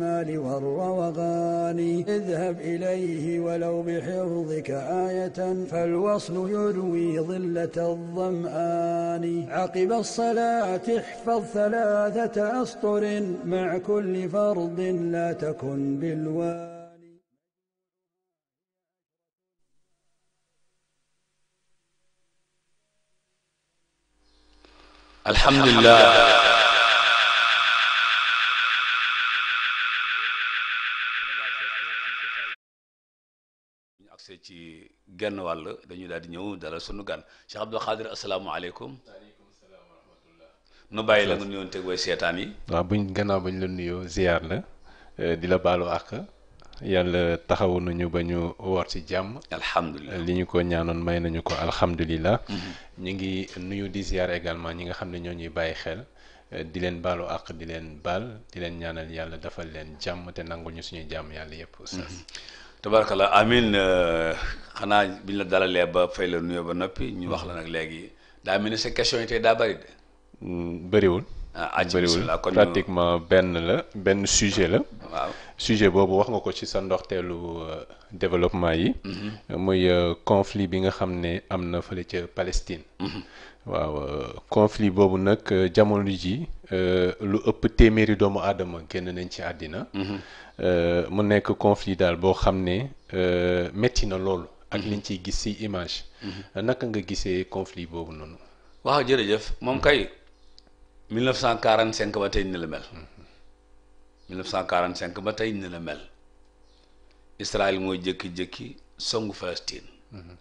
المال والروغان اذهب إليه ولو بحفظك آية فالوصل يروي ظلة الظمآن عقب الصلاة احفظ ثلاثة أسطر مع كل فرض لا تكن بالوالي الحمد لله agsee ci genn wàll dañuy daal di ñëw dalal sunu gan Cheikh Abdou Khadir asalaamaaleykum. waaleykum salaam nu bàyyi la nga nuyoon teg way seetaan yi. waaw buñ gannaaw bañ la nuyoo ziar la euh, di la baalu àq yàlla taxawu nañu ba ñu woor ci jàmm. alhamdulilah li ñu ko ñaanoon may nañu ko alhamdulilah. Mhm. ñu ngi nuyu di ziar également ñi nga xam ne ñoo ñuy bàyyi xel. Euh, di leen baalu àq di leen baal di leen ñaanal yàlla defal leen jàmm te nangul ñu suñu jàmm yàlla yëpp. tabarakallah amin euh, xanaa bi ñu la dalalee ba fay la nuyoo ba noppi ñu wax la nag léegi daa mel ni sa question yi tey daa bëri de. Hmm, bëriwul. ah bëriwul pratiquement benn la benn sujet la. waaw. sujet boobu wax nga ko ci sa ndoxteelu euh, développement yi. Mm-hmm. muy euh, conflit bi nga xam ne am na fële ca Palestine. Mm-hmm. waaw euh, conflit boobu nag jamono ji lu ëpp téeméeri doomu aadama génn nañ ci àddina. Mm-hmm. mu nekk conflit daal boo xam ne métti na loolu. ak liñ ciy gis ci image. naka nga gisee conflit boobu noonu. waaw jërëjëf moom kay 1945 ba tey ni la mel. 1945 ba tey ni la mel Israël mooy jëkki-jëkki songu Palestine mm-hmm.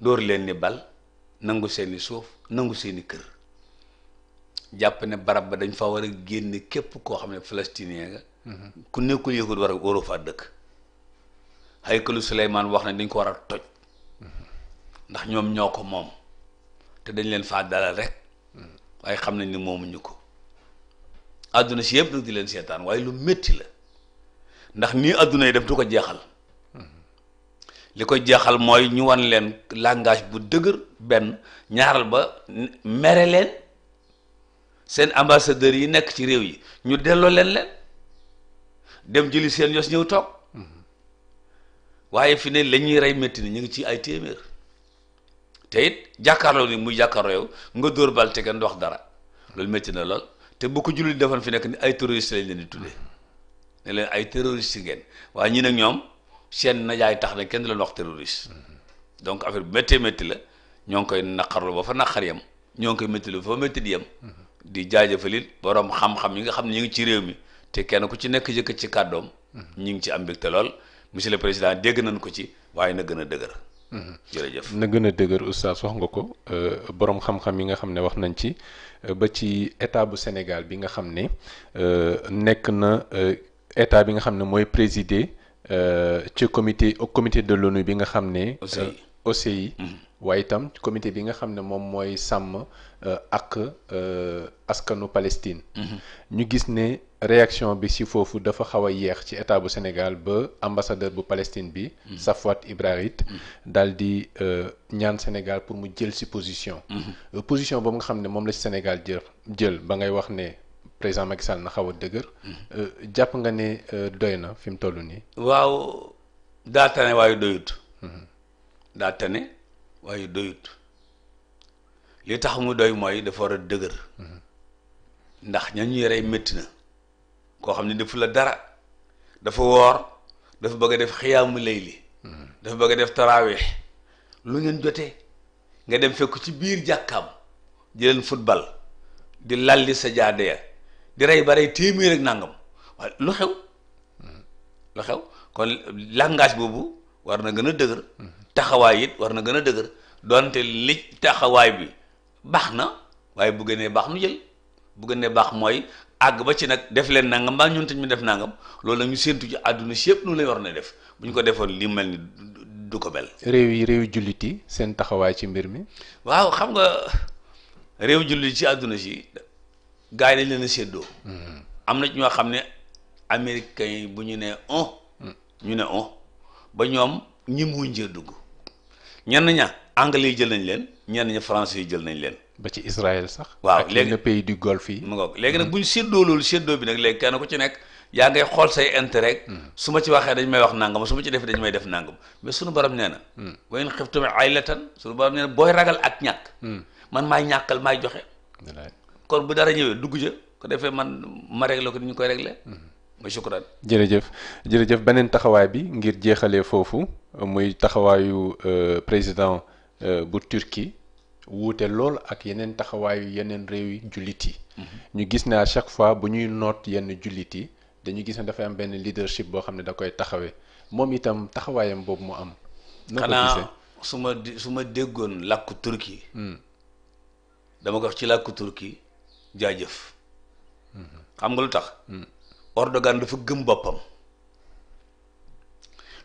dóor leen ni bal nangu seeni suuf nangu seeni kër jàpp ne barab ba dañ fa war a génne képp koo xam ne palestinien nga mm-hmm. ku nekkul yëkkul war a waroo faa dëkk haykalu Suleymaan wax ne dañ ko war a toj mm-hmm. ndax ñoom ñoo ko moom te dañ leen faa dalal rek waaye xam nañ ni moomuñu ko àdduna si yëpp nag di leen seetaan waaye lu métti la ndax nii àdduna yi def du ko jeexal li ko jeexal mooy ñu wan leen langage bu dëgër benn ñaaral ba mere leen seen ambassadeurs yi nekk ci réew yi ñu delloo leen leen dem jëli seen yos ñëw toog waaye fi ne la ñuy rey métti ni ñu ngi ci ay téeméer te it jàkkaarloo ni muy jàkkaarloo yow nga dóor bal te kenn wax dara loolu métti na lool te bu ko jullit defoon fi nekk ni ay terroriste lañ leen di tuddee ne leen ay terroriste ngeen waaye ñi nag ñoom seen najaay tax na kenn la leen wax donc affaire bu méttee métti la ñoo ngi koy naqarlu ba fa naqar yam ñoo ngi koy métti lu fa métti di yam di jaajëfalit borom xam-xam yi nga xam ne ñu ngi ci réew mi te kenn ku ci nekk yëkkat ci kàddoom mm-hmm. ñu ngi ci am mbégte lool monsieur le président dégg nañ ko ci waaye na gën a dëgër jërëjëf na gën a dëgër oustaz wax nga ko euh, borom xam-xam yi nga xam ne wax nañ ci euh, ba ci état bu Sénégal bi nga xam ne euh, nekk na état bi nga xam ne mooy présider ci comité au comité de l'ONU bi nga xam ne. aussi mm-hmm. waaye itam comité bi nga xam ne moom mooy sàmm ak askanu Palestine. Mm-hmm. ñu gis ne réaction bi si foofu dafa xaw a yeex ci état bu Sénégal ba ambassadeur bu Palestine bi. Mm-hmm. Safwat Ibrahit. Mm-hmm. daal di euh, ñaan Sénégal pour mu jël si position. Mm-hmm. Euh, position boobu nga xam ne moom la ci Sénégal jël jël ba ngay wax ne président Macky Sall na xaw a dëgër. Euh, jàpp nga ne doy na fi mu toll nii. waaw daa tane waaye doyut. daa tane waaye doyut li tax mu doy mooy dafa war a dëgër. ndax ña ñu yore métti na. koo xam ne defu la dara dafa woor dafa bëgg a def xiyaamu layli dafa bëgg a def taraawix lu ngeen jotee nga dem fekk ci biir jàkkaam di leen football di lalli sa jaadeya di rey barey téeméer ak nangam waaye lu xew lu xew kon langage boobu war na gën a dëgër taxawaay it war na gën a dëgër donte li taxawaay bi baax na waaye bu gënee baax nu jël bu gënee baax mooy àgg ba ci nag def leen nangam mbaa ñun tañ mu def nangam loolu nag ñu séentu ci àdduna si yëpp nu lay war na def bu ñu ko defoon li mel ni du ko bel réew yi réew jullit yi seen taxawaay ci mbir mi waaw xam nga réew jullit ci àdduna si gars yi lañ leen a séddoo hmm. am na ñoo xam ne américains yi bu ñu nee on hmm. ñu ne on ba ñoom ñi muñ jee dugg ñenn ña anglais yi jël nañ leen ñenn ña français yi jël nañ leen ba ci Israël sax. waaw léegi ak du golfe yi. mu léegi nag bu ñu séddoo loolu séddoo bi nag léegi kenn ku ci nekk yaa ngay xool say intérêt. Hmm. su ma ci waxee dañ may wax nangam su ma ci defee dañ may def nangam mais sunu borom nee na. Hmm. wa in xiftum aylatan sunu borom nee na booy ragal ak ñàkk. Hmm. man may ñàkkal maay joxe. kon bu dara ñëwee dugg ja ko defee man ma réglé ko ni ñu koy réglé. ma shukran jërëjëf jërëjëf beneen taxawaay bi ngir jeexalee foofu muy taxawaayu euh, président euh, bu Turquie. wuute lool ak yeneen taxawaayu yeneen réew yi jullit yi. Mm-hmm. ñu gis naa chaque fois bu ñuy noot yenn jullit yi dañu gis ne dafay am benn leadership boo xam ne da koy taxawee moom itam taxawaayam boobu mu am. xanaa su ma su ma déggoon làkku turki. Hmm. dama ko ci làkku turki jaajëf. Hmm. xam nga lu tax. Hmm. Erdogan dafa gëm boppam.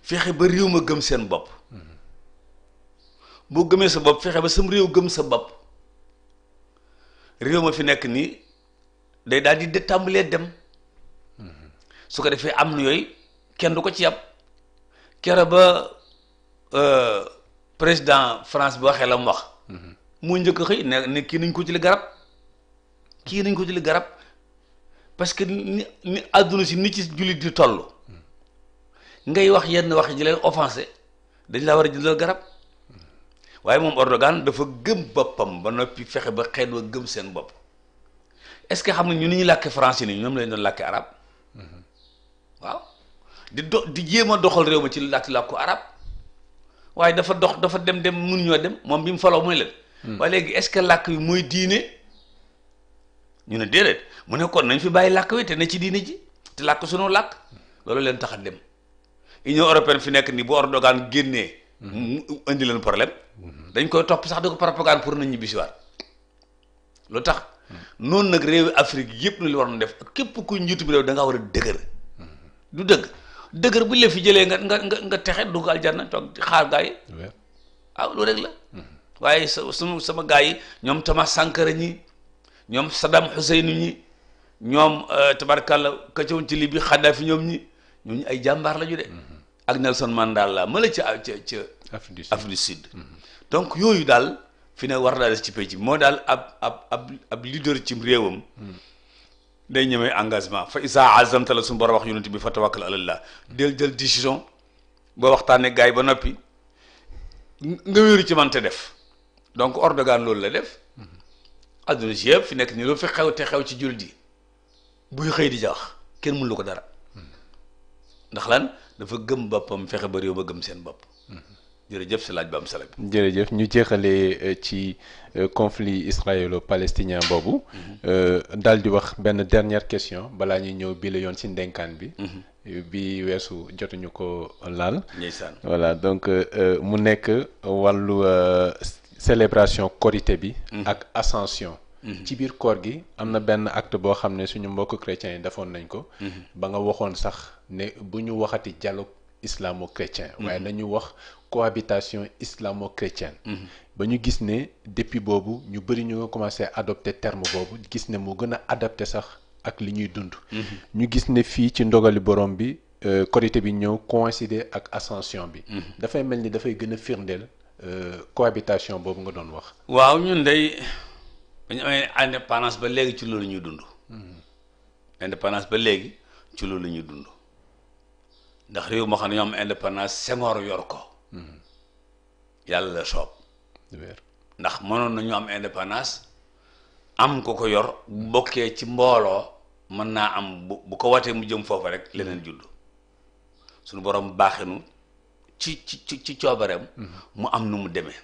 feexe ba réew ma gëm seen bopp. boo gëmee sa bopp fexe ba sam réew gëm sa bopp réew ma fi nekk nii day daal di tàmbalee dem su ko defee am na yooyu kenn du ko ci yàpp kere ba euh, président France bi waxee la mu wax moo njëkk xëy ne ne kii nañ ko jëli garab kii nañ ko jëli garab parce que ni ni àdduna si ni ci jullit di toll ngay wax yenn wax ji leen dañ laa war a jëndal garab waaye moom Erdogan dafa gëm boppam ba noppi fexe ba xeet wa gëm seen bopp est-ce que xam nga ñu ni ñu làkkee français ni ñoom lañ doon làkkee arab waaw di do di jéem a doxal réew ma ci làkk làkku arab waaye dafa dox dafa dem dem mun ñoo dem moom bi mu faloo muy leen hmm. waaye léegi est-ce que làkk bi mooy diine ñu ne déedéet mu nekkoon nañ fi bàyyi làkk wi te ne ci diine ji te làkk sunu làkk loolu leen tax dem Union européenne fi nekk ni bu Erdogan génnee mu indi leen problème. dañ koy topp sax di ko propagande pour na bi si waat lu tax noonu nag réewi Afrique yëpp li war na def képp ku njiitu bi réew da war a dëgër. du dëgg dëgër bu la fi jëlee nga nga nga nga texe dugg aljanna toog xaar gaa yi. ah loolu rek la. waaye sa sama sama gaa yi ñoom Thomas Sankara ñi ñoom Saddam Hussein ñi ñoom euh, tabarkalla ka ci woon ci Libi Xaddafi ñoom ñi ñooñu ay jàmbaar la ñu de. ak Nelson man daal la ca a ci Afrique du Sud Afrique du Sud. donc yooyu daal fi ne war naa des ci pénc bi moo daal ab ab ab ab leader ci réewam. day ñemee engagement fa isa azamta la suñu wax yonent bi fa tawakkal alallah del jël décision boo waxtaanee gars yi ba noppi nga ci man te def donc Erdogan loolu la def. adduna si yëpp fi nekk ni lu fi xew te xew ci jullit yi buy xëy di jaax kenn mënu lu ko dara ndax lan dafa gëm boppam fexe ba réew ma gëm seen bopp. jërëjëf si laaj ba am solo bi. jërëjëf ñu jeexale euh, ci euh, conflit israélo-palestinien boobu. Euh, daal di wax benn dernière question balaa ñuy ñëw bile yoon si ndenkaan bi. Mhm. bi weesu jotuñu ko laal. ndeysaan voilà donc mu nekk wàllu célébration korité bi. Mhm. ak ascension. Mhm. ci biir koor gi am na benn acte boo xam ne suñu mbokk chrétiens yi defoon nañ ko. Mhm. ba nga waxoon sax ne bu ñu waxati jaloo islamo-chrétien. Mhm. waaye nañu wax cohabitation islamo-chrétienne. ba ñu gis ne depuis boobu ñu bëri ñu nga commencé adopté terme boobu gis ne moo gën a adapté sax ak li ñuy dund. ñu gis ne fii ci ndogali borom bi. Euh, korité bi ñëw coïncider ak ascension bi. dafay mel ni dafay gën a firndeel euh, cohabitation boobu nga doon wax. waaw ñun day ba ñu amee indépendance ba léegi ci loolu ñuy dund indépendance ba léegi ci loolu ñuy dund ndax réew moo xam ne ñoo am indépendance Senghor yor ko yàlla la soob ndax mënoon nañu am indépendance am ko ko yor bu bokkee ci mbooloo mën naa am bu bu ko watee mu jëm foofa rek leneen mm-hmm. judd suñu borom baaxinu ci ci ci coobareem mm-hmm. mu am nu mu demee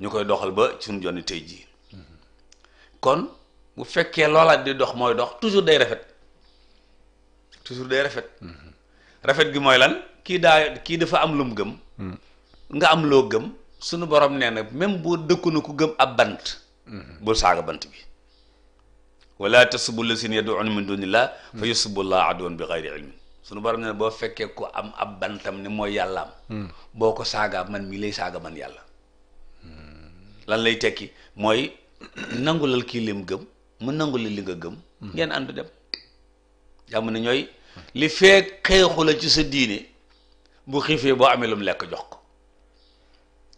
ñu koy doxal ba suñu jonni tey jii kon bu fekkee loolaat di dox mooy dox toujours day rafet toujours day rafet mhm. rafet gi mooy lan kii daa kii dafa am lu mu gëm mhm. nga am loo gëm sunu borom nee na même boo dëkku na ku gëm ab bant mhm. bul saaga bant bi wala tasubbu lazina yad'una min dunillah fa yasubbu llaha adwan bi ghayri ilmin sunu borom nee boo fekkee ku am ab bantam ne mooy yàllaam boo ko saagaa man mii lay saaga man yàlla lan lay tekki mooy nangulal kii lim gëm mu nangulal li nga gëm hmm. ngeen ànd dem jàmm ne ñooy li fee xeexu la ci sa diine bu xiifee boo amee lu mu lekk jox ko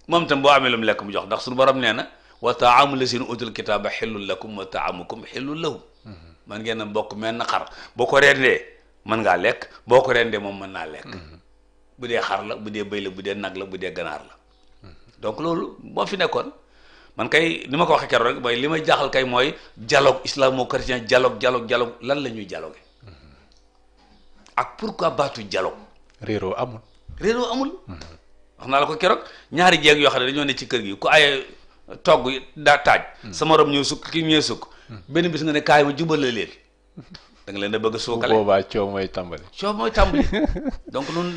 moom tam boo amee lu mu lekk mu jox ndax suñu borom nee na wa taamu la seen utul kitaaba xillul lakum wa taamukum xillul lahum hmm. man ngeen a bokk menn xar boo ko rendee mën ngaa lekk boo ko rendee moom mën naa lekk hmm. bu dee xar la bu dee bëy la bu dee nag la bu dee ganaar la donc loolu moo fi nekkoon man kay ni ma ko waxee keroog rek mooy li ma jaaxal kay mooy dialogue islamo-chrétien dialogue dialogue dialogue lan la ñuy dialogue pour mm-hmm. pourquoi baatu dialogue. réeroo amul. réeroo amul. Mm-hmm. wax naa la ko keroog ñaari jeeg yoo xam ne dañoo ne ci kër gi ku ay togg daa taaj. Mm-hmm. sama rob ñëw sukk kii ñëw sukk. benn bis nga ne kaay ma jubal la leen da leen bëgg a suukale boobaa coow mooy tàmbali. coow mooy tàmbali donc noonu